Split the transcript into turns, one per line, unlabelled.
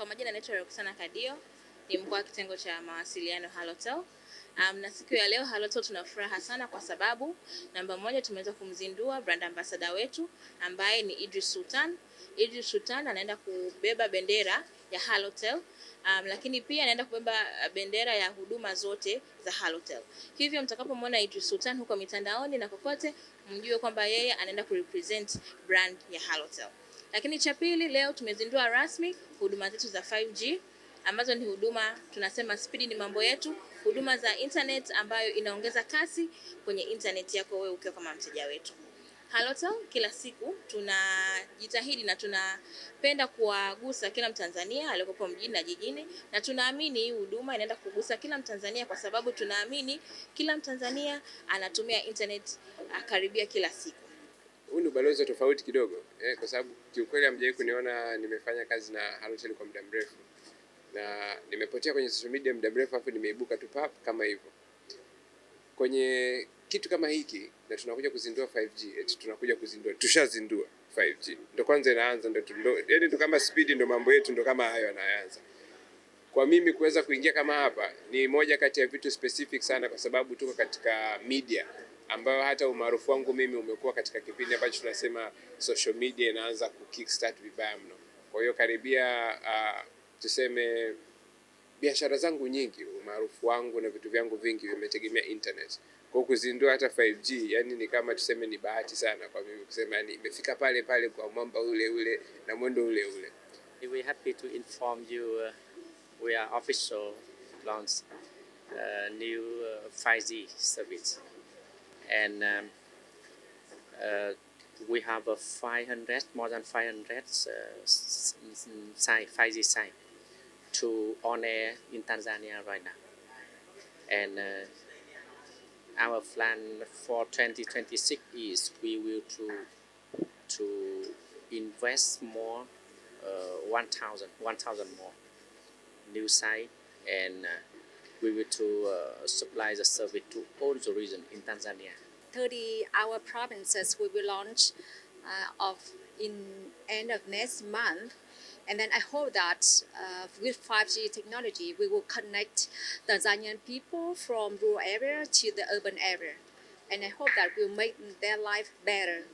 Kwa majina naitwa Roxana Kadio, ni mkuu wa kitengo cha mawasiliano Halotel. Um, na siku ya leo Halotel tuna furaha sana kwa sababu namba moja, tumeweza kumzindua brand ambassador wetu ambaye ni Idris Sultan. Idris Sultan anaenda kubeba bendera ya Halotel um, lakini pia anaenda kubeba bendera ya huduma zote za Halotel. Hivyo mtakapomwona Idris Sultan huko mitandaoni na kokote, mjue kwamba yeye anaenda kurepresent brand ya Halotel. Lakini cha pili, leo tumezindua rasmi huduma zetu za 5G ambazo ni huduma tunasema spidi ni mambo yetu, huduma za internet ambayo inaongeza kasi kwenye internet yako wewe ukiwa kama mteja wetu. Halotel kila siku tunajitahidi na tunapenda kuwagusa kila Mtanzania aliyokuwa mjini na jijini, na tunaamini hii huduma inaenda kugusa kila Mtanzania kwa sababu tunaamini kila Mtanzania anatumia internet akaribia ah, kila siku
huu ni ubalozi tofauti kidogo eh, kwa sababu kiukweli hamjawahi kuniona nimefanya kazi na Halotel kwa muda mrefu na nimepotea kwenye social media muda mrefu, afu nimeibuka tu pap kama hivyo kwenye kitu kama hiki, na tunakuja kuzindua 5G. Eti tunakuja kuzindua, tushazindua 5G, ndo kwanza inaanza, ndo yani ndo kama speed, ndo mambo yetu ndo kama hayo yanaanza. Kwa mimi kuweza kuingia kama hapa ni moja kati ya vitu specific sana, kwa sababu tuko katika media ambayo hata umaarufu wangu mimi umekuwa katika kipindi ambacho tunasema social media inaanza ku kickstart vibaya mno. Kwa hiyo karibia uh, tuseme biashara zangu nyingi, umaarufu wangu na vitu vyangu vingi vimetegemea internet. Kwa kuzindua hata 5G yani ni kama tuseme ni bahati sana kwa mimi kusema, yani imefika pale pale kwa mwamba ule ule na mwendo ule ule.
We happy to inform you uh, we are official launch uh, new uh, 5G service and um, uh, we have a 500 more than 500 uh, site 5G site to on air in Tanzania right now and uh, our plan for 2026 is we will to to invest more uh, 1000 more new site and uh, we will to uh, supply the service to all the region in Tanzania.
30 our provinces we will launch uh, of in end of next month and then I hope that uh, with 5G technology, we will connect Tanzanian people from rural area to the urban area. And I hope that will make their life better.